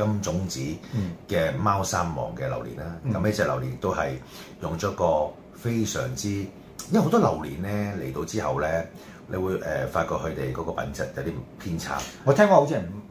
金、嗯、種子嘅貓山王嘅榴蓮啦，咁呢、嗯、隻榴蓮都係用咗一個非常之，因為好多榴蓮咧嚟到之後咧，你會誒、呃、發覺佢哋嗰個品質有啲偏差。我聽講好似係。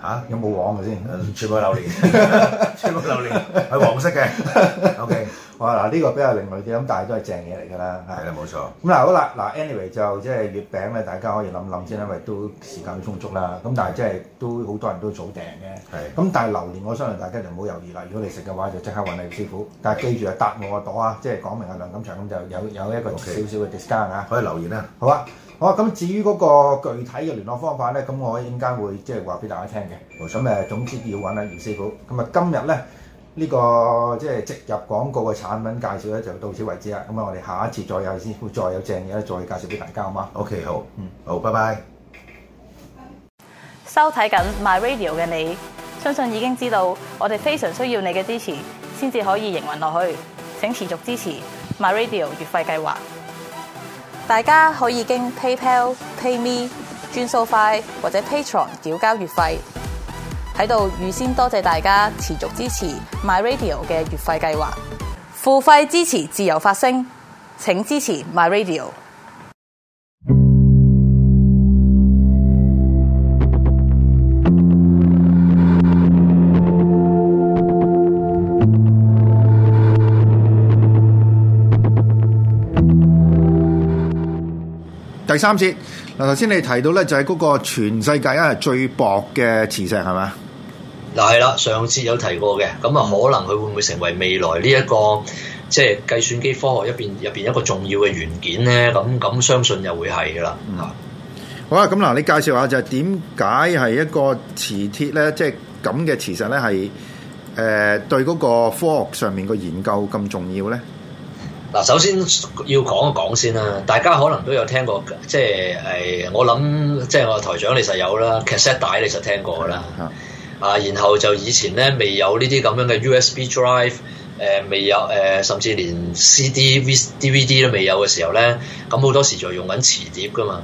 啊、有冇黃嘅先？全部是榴蓮， 全部是榴蓮，係黃色嘅。OK。嗱，呢、這個比較另類啲，咁但係都係正嘢嚟㗎啦。係啦，冇錯。咁嗱、嗯，好啦，嗱，anyway 就即係月餅咧，大家可以諗諗先因為都時間充足啦。咁、嗯、但係即係都好多人都早訂嘅。係。咁但係榴蓮，我相信大家就唔好猶豫啦。如果你食嘅話，就即刻揾阿姚師傅。但係記住答啊，搭我個朵啊，即係講明阿梁錦祥咁就有有一個小 Okay. 少嘅 discount 啊。可以留言啊，好啊。好啊。咁至於嗰個具體嘅聯絡方法咧，咁我陣間會即係話俾大家聽嘅。咁誒，總之要揾阿姚師傅。咁啊，今日咧。呢個即係植入廣告嘅產品介紹咧，就到此為止啦。咁啊，我哋下一次再有先，會再有正嘢咧，再介紹俾大家，好嗎？OK，好，嗯，好，拜拜。收睇緊 My Radio 嘅你，相信已經知道我哋非常需要你嘅支持，先至可以營運落去。請持續支持 My Radio 月費計劃。大家可以經 PayPal、PayMe、轉數快或者 Patreon 繳交月費。喺度預先多謝大家持續支持 My Radio 嘅月費計劃，付費支持自由發聲，請支持 My Radio。第三節，嗱，頭先你提到咧，就係嗰個全世界啊係最薄嘅磁石，係咪啊？嗱係啦，上次有提過嘅，咁啊可能佢會唔會成為未來呢一個即係計算機科學一邊入邊一個重要嘅元件咧？咁咁相信又會係噶啦。嗱，好啦，咁嗱，你介紹下就係點解係一個磁鐵咧？即係咁嘅，磁石咧係誒對嗰個科學上面個研究咁重要咧？嗱，首先要講一講先啦。大家可能都有聽過，即係誒，我諗即係我台長你實有啦，cassette 帶你實聽過啦。啊，然後就以前咧未有呢啲咁樣嘅 USB drive，誒、呃、未有誒、呃，甚至連 CD DVD 都未有嘅時候咧，咁好多時就用緊磁碟噶嘛。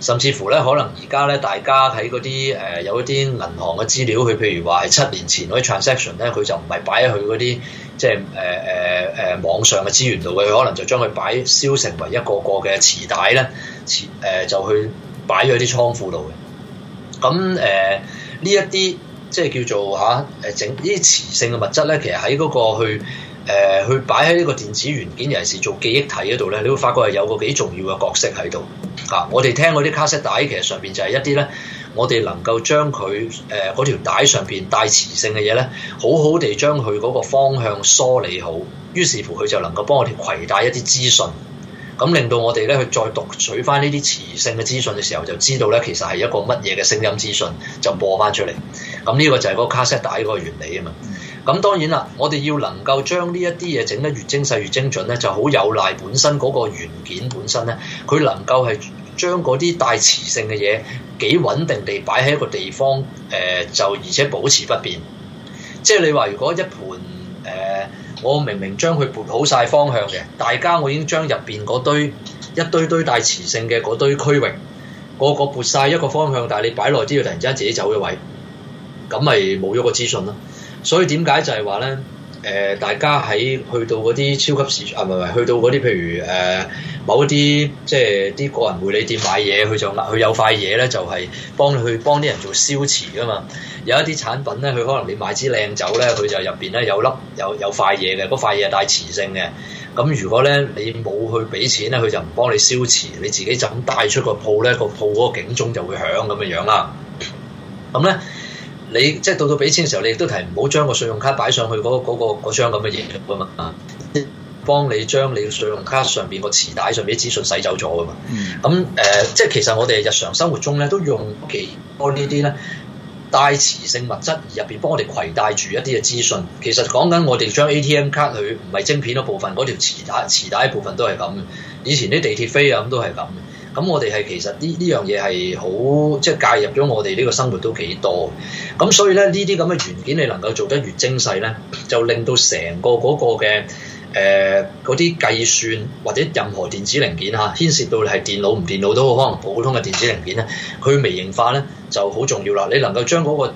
甚至乎咧，可能而家咧，大家睇嗰啲誒有一啲銀行嘅資料，佢譬如話係七年前嗰啲 transaction 咧，佢就唔係擺喺佢嗰啲即係誒誒誒網上嘅資源度嘅，佢可能就將佢擺燒成為一個個嘅磁帶咧，磁、呃、誒就去擺咗喺啲倉庫度嘅。咁誒呢一啲。即係叫做嚇誒、啊、整呢啲磁性嘅物質咧，其實喺嗰個去誒、呃、去擺喺呢個電子元件，尤其是做記憶體嗰度咧，你會發覺係有個幾重要嘅角色喺度嚇。我哋聽嗰啲卡式帶，其實上邊就係一啲咧，我哋能夠將佢誒嗰條帶上邊帶磁性嘅嘢咧，好好地將佢嗰個方向梳理好，於是乎佢就能夠幫我哋攜帶一啲資訊。咁令到我哋咧去再讀取翻呢啲磁性嘅資訊嘅時候，就知道咧其實係一個乜嘢嘅聲音資訊，就播翻出嚟。咁呢個就係個卡 SET 嗰個原理啊嘛。咁當然啦，我哋要能夠將呢一啲嘢整得越精細越精準咧，就好有賴本身嗰個元件本身咧，佢能夠係將嗰啲帶磁性嘅嘢幾穩定地擺喺一個地方，誒、呃，就而且保持不變，即係你話如果一。我明明將佢撥好晒方向嘅，大家我已經將入邊嗰堆一堆堆帶磁性嘅嗰堆區域，個個撥晒一個方向，但係你擺耐啲，佢突然之間自己走嘅位，咁咪冇咗個資訊啦。所以點解就係話呢？誒、呃，大家喺去到嗰啲超級市場啊，唔係去到嗰啲譬如誒、呃、某一啲即係啲個人護理店買嘢，佢就落佢有塊嘢咧，就係、是、幫你去幫啲人做消磁噶嘛。有一啲產品咧，佢可能你買支靚酒咧，佢就入邊咧有粒有有塊嘢嘅，嗰塊嘢係帶磁性嘅。咁、嗯、如果咧你冇去俾錢咧，佢就唔幫你消磁，你自己就咁帶出個鋪咧，呢那個鋪嗰個警鐘就會響咁樣樣啦。咁、嗯、咧。嗯嗯嗯嗯嗯你即係到到俾錢嘅時候，你亦都提唔好將個信用卡擺上去嗰嗰個嗰張咁嘅嘢啊嘛，幫你將你信用卡上邊個磁帶上面啲資訊洗走咗噶嘛。咁誒、呃，即係其實我哋日常生活中咧都用其多呢啲咧帶磁性物質，而入邊幫我哋攜帶住一啲嘅資訊。其實講緊我哋將 ATM 卡佢唔係晶片嗰部分，嗰條磁帶磁帶部分都係咁。以前啲地鐵飛啊咁都係咁。咁我哋係其實呢呢樣嘢係好即係介入咗我哋呢個生活都幾多，咁所以咧呢啲咁嘅元件你能夠做得越精細咧，就令到成個嗰個嘅誒嗰啲計算或者任何電子零件嚇牽涉到你係電腦唔電腦都好，可能普通嘅電子零件咧，佢微型化咧就好重要啦。你能夠將嗰個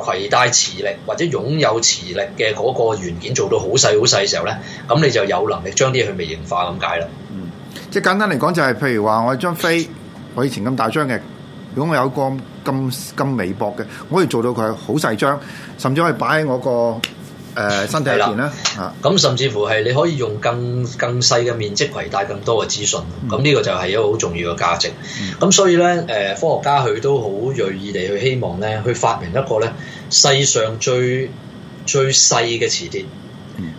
攜帶磁力或者擁有磁力嘅嗰個元件做到好細好細嘅時候咧，咁你就有能力將啲嘢去微型化咁解啦。即係簡單嚟講，就係譬如話，我張飛，我以前咁大張嘅，如果我有個咁咁微薄嘅，我可以做到佢好細張，甚至可以擺喺我個誒、呃、身體入邊啦。咁的、啊、甚至乎係你可以用更更細嘅面積攜帶更多嘅資訊。咁呢、嗯、個就係一個好重要嘅價值。咁、嗯、所以咧，誒、呃、科學家佢都好鋭意地去希望咧，去發明一個咧世上最最細嘅磁鐵。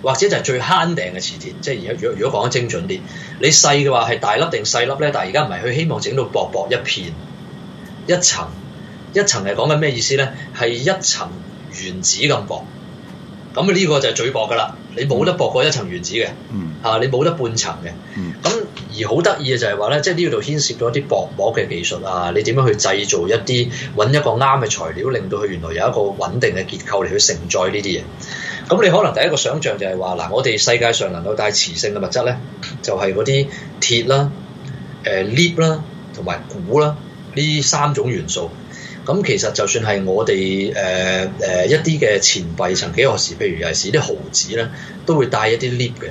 或者就係最慳定嘅磁鐵，即係而家如果如果講得精準啲，你細嘅話係大粒定細粒咧？但係而家唔係，佢希望整到薄薄一片、一層、一層係講緊咩意思咧？係一層原子咁薄，咁呢個就係最薄噶啦！你冇得薄過一層原子嘅，嗯、啊你冇得半層嘅。咁、嗯、而好得意嘅就係話咧，即係呢度牽涉咗啲薄膜嘅技術啊！你點樣去製造一啲揾一個啱嘅材料，令到佢原來有一個穩定嘅結構嚟去承載呢啲嘢。咁你可能第一個想像就係話嗱，我哋世界上能夠帶磁性嘅物質咧，就係嗰啲鐵啦、誒、呃、鎳啦、同埋鈷啦呢三種元素。咁其實就算係我哋誒誒一啲嘅錢幣，曾幾何時，譬如又係啲毫子咧，都會帶一啲鎳嘅。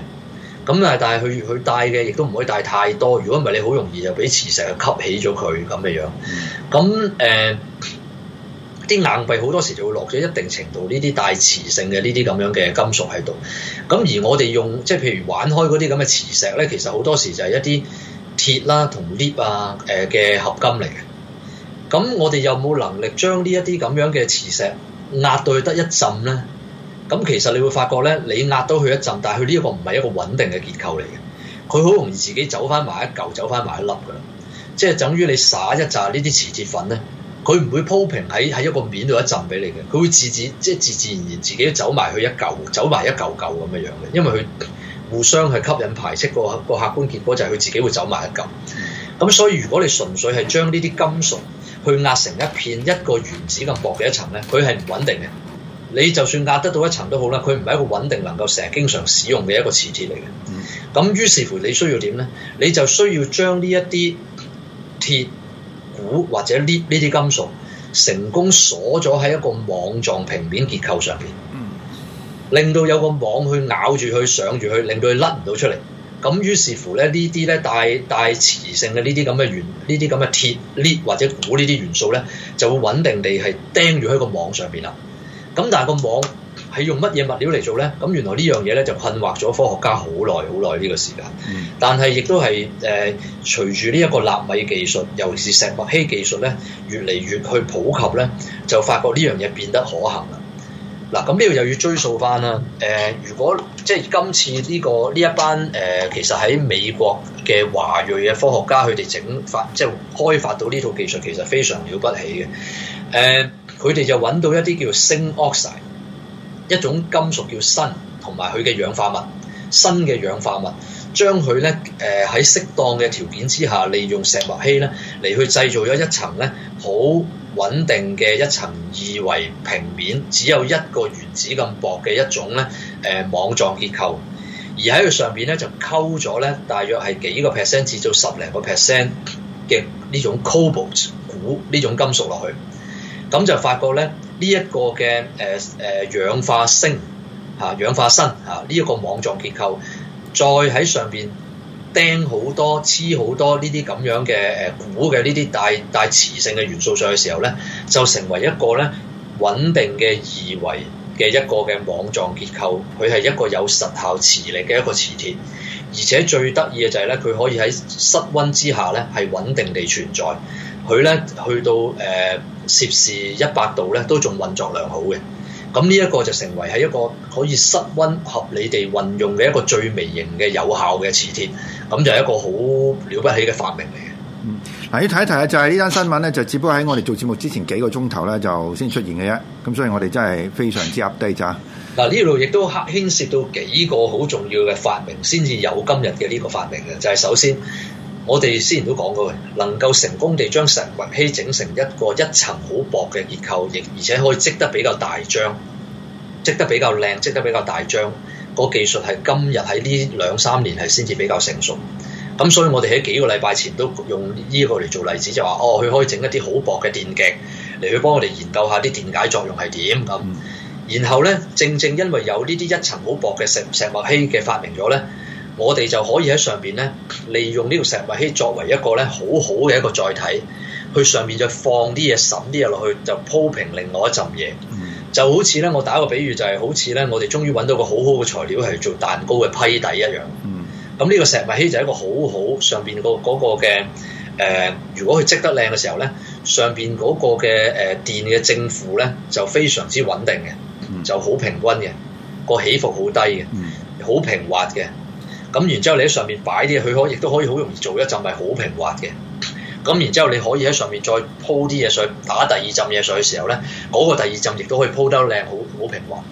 咁但係但係佢佢帶嘅亦都唔可以帶太多。如果唔係，你好容易就俾磁石吸起咗佢咁嘅樣。咁誒。呃啲硬幣好多時就會落咗一定程度呢啲帶磁性嘅呢啲咁樣嘅金屬喺度，咁而我哋用即係譬如玩開嗰啲咁嘅磁石咧，其實好多時就係一啲鐵啦同鎳啊誒嘅合金嚟嘅。咁我哋有冇能力將呢一啲咁樣嘅磁石壓到去得一浸咧？咁其實你會發覺咧，你壓到去一浸，但係佢呢一個唔係一個穩定嘅結構嚟嘅，佢好容易自己走翻埋一嚿，走翻埋一粒噶啦，即係等於你撒一紮呢啲磁鐵粉咧。佢唔會鋪平喺喺一個面度一陣俾你嘅，佢會自自即係自自然然自己走埋去一嚿，走埋一嚿嚿咁樣樣嘅。因為佢互相係吸引排斥，個個客觀結果就係佢自己會走埋一嚿。咁、嗯、所以如果你純粹係將呢啲金屬去壓成一片一個原子咁薄嘅一層咧，佢係唔穩定嘅。你就算壓得到一層都好啦，佢唔係一個穩定能夠成日經常使用嘅一個磁鐵嚟嘅。咁、嗯、於是乎你需要點咧？你就需要將呢一啲鐵。或者 lead 呢啲金屬成功鎖咗喺一個網狀平面結構上邊，令到有個網去咬住佢、上住佢，令到佢甩唔到出嚟。咁於是乎咧，呢啲咧帶帶磁性嘅呢啲咁嘅元呢啲咁嘅鐵 lead 或者鈷呢啲元素咧，就會穩定地係釘住喺個網上邊啦。咁但係個網係用乜嘢物料嚟做呢？咁原來呢樣嘢咧就困惑咗科學家好耐好耐呢個時間。但係亦都係誒、呃、隨住呢一個納米技術，尤其是石墨烯技術咧，越嚟越去普及咧，就發覺呢樣嘢變得可行啦。嗱、啊，咁呢度又要追溯翻啦。誒、呃，如果即係、就是、今次呢、這個呢一班誒、呃、其實喺美國嘅華裔嘅科學家，佢哋整發即係、就是、開發到呢套技術，其實非常了不起嘅。誒、呃，佢哋就揾到一啲叫做 sing oxide。一種金屬叫鋅，同埋佢嘅氧化物，鋅嘅氧化物，將佢咧誒喺適當嘅條件之下，利用石墨烯咧嚟去製造咗一層咧好穩定嘅一層二維平面，只有一個原子咁薄嘅一種咧誒網狀結構，而喺佢上邊咧就溝咗咧大約係幾個 percent 至到十零個 percent 嘅呢種 cobalt 鈷呢種金屬落去，咁就發覺咧。呢一個嘅誒誒氧化鋅嚇、啊、氧化鋅嚇呢一個網狀結構，再喺上邊釘好多黐好多呢啲咁樣嘅誒鈷嘅呢啲帶帶磁性嘅元素上嘅時候咧，就成為一個咧穩定嘅二維嘅一個嘅網狀結構，佢係一個有實效磁力嘅一個磁鐵，而且最得意嘅就係咧，佢可以喺室温之下咧係穩定地存在，佢咧去到誒。呃攝氏一百度咧，都仲運作良好嘅。咁呢一個就成為係一個可以室溫合理地運用嘅一個最微型嘅有效嘅磁鐵。咁就係一個好了不起嘅發明嚟嘅。嗯，嗱要睇一睇啊，就係呢單新聞咧，就只不過喺我哋做節目之前幾個鐘頭咧，就先出現嘅啫。咁所以我哋真係非常之 update 咋。嗱呢度亦都牽涉到幾個好重要嘅發明，先至有今日嘅呢個發明嘅。就係首先。我哋之前都講過，能夠成功地將石墨烯整成一個一層好薄嘅結構，亦而且可以積得比較大張，積得比較靚，積得比較大張。個技術係今日喺呢兩三年係先至比較成熟。咁所以，我哋喺幾個禮拜前都用呢個嚟做例子，就話哦，佢可以整一啲好薄嘅電極嚟去幫我哋研究下啲電解作用係點咁。然後呢，正正因為有呢啲一層好薄嘅石石墨烯嘅發明咗呢。我哋就可以喺上邊咧，利用呢個石墨烯作為一個咧好好嘅一個載體，去上面再放啲嘢、審啲嘢落去，就鋪平另外一陣嘢。就好似咧，我打一個比喻，就係，就係好似咧，我哋終於揾到個好好嘅材料係做蛋糕嘅批底一樣。咁呢，嗯嗯呢個石墨烯就係一個好好上邊個嗰個嘅誒，如果佢積得靚嘅時候咧，上邊嗰個嘅誒，呃、電嘅正負咧就非常之穩定嘅，就好平均嘅，個起伏好低嘅，好、嗯、平滑嘅。咁然之後，你喺上面擺啲嘢，佢可亦都可以好容易做一陣，係好平滑嘅。咁然之後，你可以喺上面再鋪啲嘢上，打第二浸嘢上嘅時候咧，嗰個第二浸亦都可以鋪得靚，好好平滑。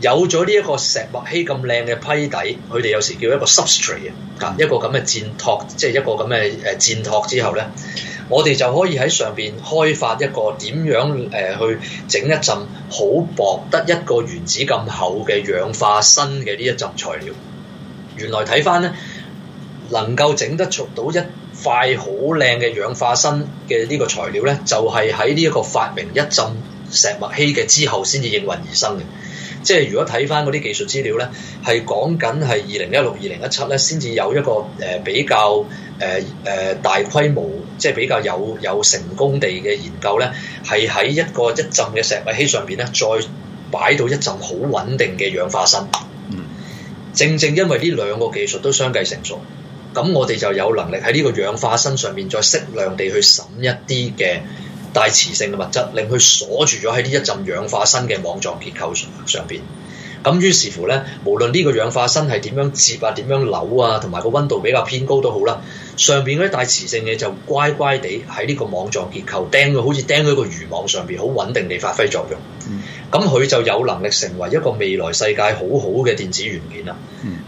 有咗呢一個石墨烯咁靚嘅批底，佢哋有時叫一個 substrate 啊，一個咁嘅墊托，即係一個咁嘅誒墊託之後咧，我哋就可以喺上邊開發一個點樣誒去整一陣好薄得一個原子咁厚嘅氧化鋅嘅呢一浸材料。原來睇翻咧，能夠整得出到一塊好靚嘅氧化鋅嘅呢個材料咧，就係喺呢一個發明一浸石墨烯嘅之後先至應運而生嘅。即係如果睇翻嗰啲技術資料咧，係講緊係二零一六、二零一七咧，先至有一個誒比較誒誒、呃、大規模，即係比較有有成功地嘅研究咧，係喺一個一浸嘅石墨烯上邊咧，再擺到一浸好穩定嘅氧化鋅。正正因為呢兩個技術都相繼成熟，咁我哋就有能力喺呢個氧化砷上面再適量地去滲一啲嘅帶磁性嘅物質，令佢鎖住咗喺呢一浸氧化砷嘅網狀結構上上邊。咁於是乎呢，無論呢個氧化砷係點樣摺啊、點樣扭啊，同埋個溫度比較偏高都好啦，上邊嗰啲帶磁性嘅就乖乖地喺呢個網狀結構釘佢，好似釘喺個魚網上邊，好穩定地發揮作用。咁佢就有能力成為一個未來世界好好嘅電子元件啦。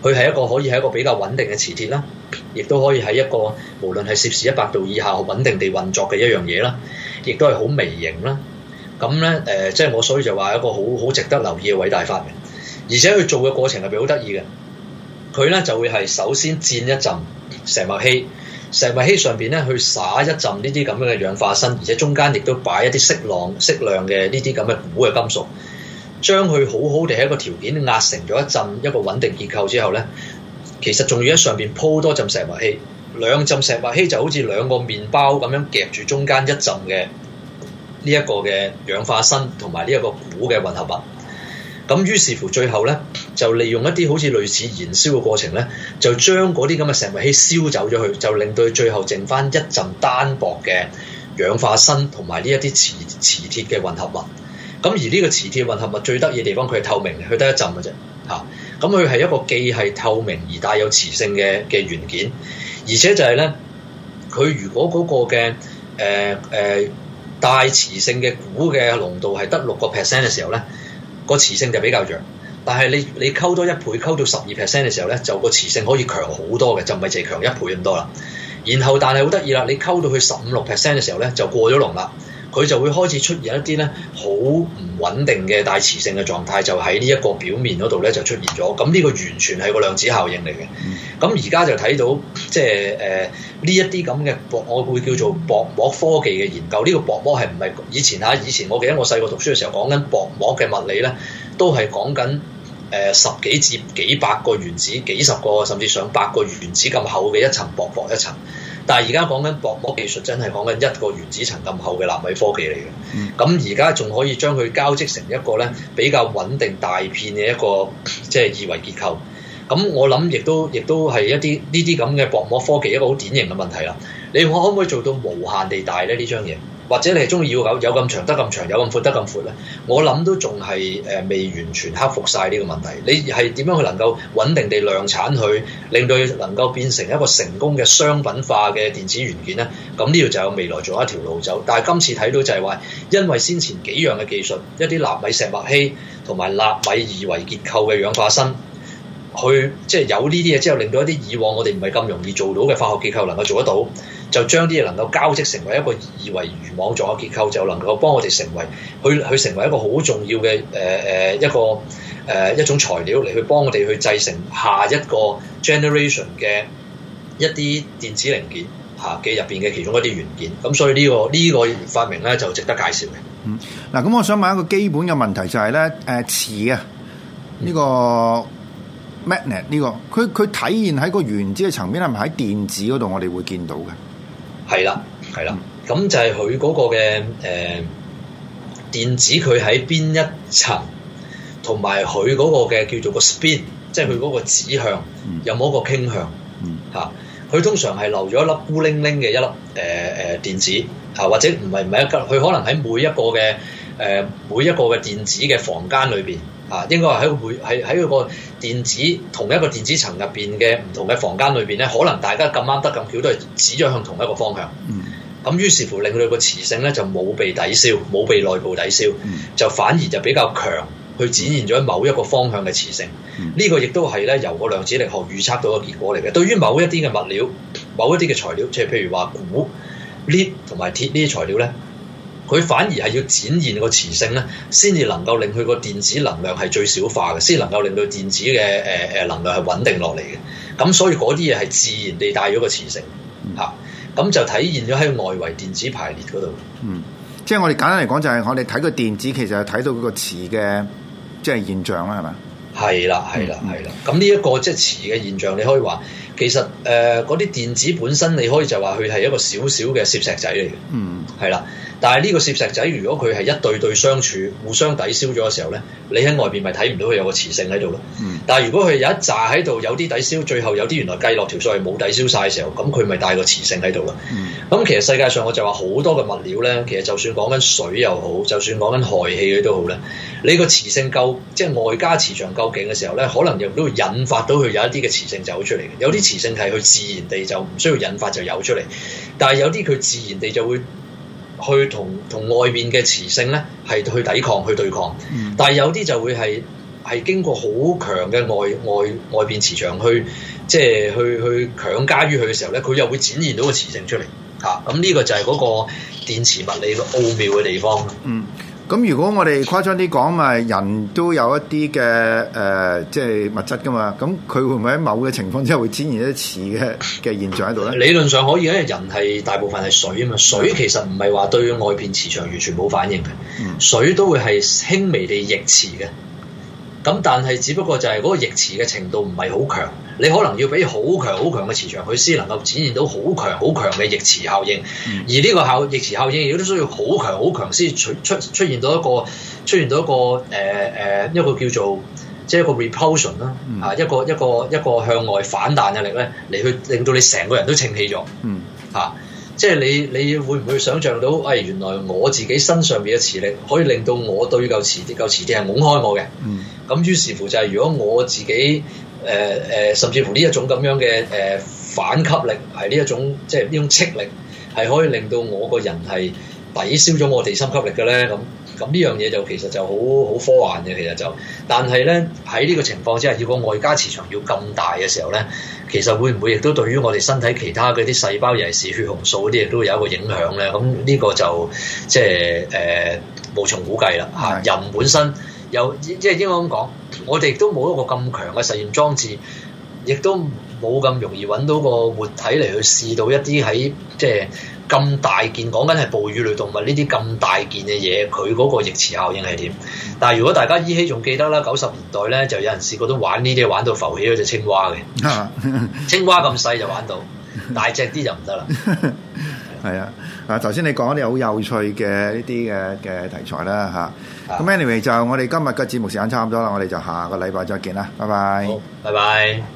佢係、嗯、一個可以係一個比較穩定嘅磁鐵啦，亦都可以係一個無論係攝氏一百度以下穩定地運作嘅一樣嘢啦，亦都係好微型啦。咁咧誒，即係我所以就話一個好好值得留意嘅偉大發明，而且佢做嘅過程係比較得意嘅。佢咧就會係首先漸一陣石墨氣。石墨烯上邊咧，去撒一浸呢啲咁樣嘅氧化鋅，而且中間亦都擺一啲適量、適量嘅呢啲咁嘅鈷嘅金屬，將佢好好地喺一個條件壓成咗一浸一個穩定結構之後咧，其實仲要喺上邊鋪多浸石墨烯。兩浸石墨烯就好似兩個麵包咁樣夾住中間一浸嘅呢一個嘅氧化鋅同埋呢一個鈷嘅混合物。咁於是乎最後咧，就利用一啲好似類似燃燒嘅過程咧，就將嗰啲咁嘅石墨烯燒走咗去，就令到佢最後剩翻一陣單薄嘅氧化鋅同埋呢一啲磁磁鐵嘅混合物。咁而呢個磁鐵混合物最得意嘅地方，佢係透明，佢得一陣嘅啫。嚇、啊，咁佢係一個既係透明而帶有磁性嘅嘅元件，而且就係咧，佢如果嗰個嘅誒誒帶磁性嘅鈷嘅濃度係得六個 percent 嘅時候咧。個磁性就比較弱，但係你你溝多一倍，溝到十二 percent 嘅時候咧，就個磁性可以強好多嘅，就唔係淨係強一倍咁多啦。然後但係好得意啦，你溝到去十五六 percent 嘅時候咧，就過咗龍啦。佢就會開始出現一啲咧好唔穩定嘅帶磁性嘅狀態，就喺呢一個表面嗰度咧就出現咗。咁呢個完全係個量子效應嚟嘅。咁而家就睇到即係誒呢一啲咁嘅薄，我會叫做薄膜科技嘅研究。呢、呢個薄膜係唔係以前啊？以前我記得我細個讀書嘅時候講緊薄膜嘅物理咧，都係講緊誒十幾至幾百個原子、幾十個甚至上百個原子咁厚嘅一層薄薄一層。但係而家講緊薄膜技術，真係講緊一個原子層咁厚嘅納米科技嚟嘅。咁而家仲可以將佢交織成一個咧比較穩定大片嘅一個即係二維結構。咁我諗亦都亦都係一啲呢啲咁嘅薄膜科技一個好典型嘅問題啦。你我可唔可以做到無限地大咧呢張嘢？或者你係中意要有有咁長得咁長，有咁闊得咁闊咧？我諗都仲係誒未完全克服晒呢個問題。你係點樣去能夠穩定地量產去令到能夠變成一個成功嘅商品化嘅電子元件呢？咁呢度就有未來仲有一條路走。但係今次睇到就係話，因為先前幾樣嘅技術，一啲納米石墨烯同埋納米二維結構嘅氧化鋅，去即係有呢啲嘢之後，令到一啲以往我哋唔係咁容易做到嘅化學結構能夠做得到。就將啲嘢能夠交織成為一個二維漁網狀嘅結構，就能夠幫我哋成為去去成為一個好重要嘅誒誒一個誒、呃、一種材料嚟去幫我哋去製成下一個 generation 嘅一啲電子零件嚇嘅入邊嘅其中一啲元件。咁所以呢個呢個發明咧就值得介紹嘅。嗯，嗱咁我想問一個基本嘅問題就係咧誒磁啊呢個 magnet 呢個，佢佢、嗯這個、體現喺個原子嘅層面係咪喺電子嗰度我哋會見到嘅？係啦，係啦，咁就係佢嗰個嘅誒、呃、電子，佢喺邊一層，同埋佢嗰個嘅叫做個 spin，即係佢嗰個指向有冇一個傾向，嚇、啊、佢通常係留咗一粒孤零零嘅一粒誒誒、呃、電子嚇、啊，或者唔係唔係一粒，佢可能喺每一個嘅誒、呃、每一個嘅電子嘅房間裏邊。啊，應該喺每喺喺嗰個電子同一個電子層入邊嘅唔同嘅房間裏邊咧，可能大家咁啱得咁巧都係指咗向同一個方向。咁、嗯、於是乎令佢個磁性咧就冇被抵消，冇被內部抵消，嗯、就反而就比較強，去展現咗某一個方向嘅磁性。嗯、個呢個亦都係咧由個量子力學預測到嘅結果嚟嘅。對於某一啲嘅物料、某一啲嘅材料，即係譬如話鈷、鎳同埋鐵呢啲材料咧。佢反而係要展現個磁性咧，先至能夠令佢個電子能量係最小化嘅，先能夠令到電子嘅誒誒能量係穩定落嚟嘅。咁所以嗰啲嘢係自然地帶咗個磁性嚇，咁、嗯啊、就體現咗喺外圍電子排列嗰度。嗯，即係我哋簡單嚟講，就係我哋睇個電子，其實係睇到嗰個磁嘅即係現象啦，係咪？係啦，係啦，係啦。咁呢一個即係磁嘅現象，你可以話其實誒嗰啲電子本身你可以就話佢係一個小小嘅攝石仔嚟嘅。嗯，係啦。但係呢個攝石仔，如果佢係一對對相處，互相抵消咗嘅時候咧，你喺外邊咪睇唔到佢有個磁性喺度咯。嗯。但係如果佢有一扎喺度，有啲抵消，最後有啲原來計落條數係冇抵消晒嘅時候，咁佢咪帶個磁性喺度啦。嗯。咁其實世界上我就話好多嘅物料咧，其實就算講緊水又好，就算講緊氦氣嗰啲都好咧。你個磁性夠，即係外加磁場夠勁嘅時候咧，可能亦都會引發到佢有一啲嘅磁性走出嚟嘅。有啲磁性係佢自然地就唔需要引發就有出嚟，但係有啲佢自然地就會去同同外面嘅磁性咧係去抵抗、去對抗。但係有啲就會係係經過好強嘅外外外邊磁場去，即係去去強加於佢嘅時候咧，佢又會展現到個磁性出嚟嚇。咁、啊、呢、嗯呢個就係嗰個電磁物理嘅奧妙嘅地方。嗯。咁如果我哋誇張啲講，咪人都有一啲嘅誒，即係物質噶嘛，咁佢會唔會喺某嘅情況之下會出現一啲磁嘅嘅現象喺度咧？理論上可以，因為人係大部分係水啊嘛，水其實唔係話對外邊磁場完全冇反應嘅，嗯、水都會係輕微地逆磁嘅。咁但係只不過就係嗰個逆磁嘅程度唔係好強。你可能要俾好強好強嘅磁場，佢先能夠展現到好強好強嘅逆磁效應。嗯、而呢個效逆磁效應亦都需要好強好強先出出出現到一個出現到一個誒誒、呃、一個叫做即係一個 repulsion 啦、啊、嚇一個一個一個向外反彈嘅力咧嚟去令到你成個人都撐起咗嚇。即係你你會唔會想像到？誒、哎、原來我自己身上面嘅磁力可以令到我對嚿磁對嚿、那個、磁鐵係拱開我嘅。咁、嗯嗯、於是乎就係如果我自己。誒誒、呃，甚至乎呢一種咁樣嘅誒、呃、反吸力，係呢一種即係呢種斥力，係可以令到我個人係抵消咗我哋地心吸力嘅咧。咁咁呢樣嘢就其實就好好科幻嘅，其實就。但係咧喺呢個情況之下，如果外加磁場要咁大嘅時候咧，其實會唔會亦都對於我哋身體其他嗰啲細胞，尤其是血紅素嗰啲，亦都有一個影響咧？咁呢個就即係誒、呃、無從估計啦。嚇的，人本身。有即係應該咁講，我哋都冇一個咁強嘅實驗裝置，亦都冇咁容易揾到個活體嚟去試到一啲喺即係咁大件，講緊係哺乳類動物呢啲咁大件嘅嘢，佢嗰個逆磁效應係點？但係如果大家依稀仲記得啦，九十年代咧就有人試過都玩呢啲，玩到浮起嗰隻青蛙嘅，青蛙咁細就玩到，啊、 大隻啲就唔得啦。係啊 呀，嗱頭先你講啲好有趣嘅呢啲嘅嘅題材啦，嚇。咁 anyway 就我哋今日嘅節目時間差唔多啦，我哋就下個禮拜再見啦，拜拜，好拜拜。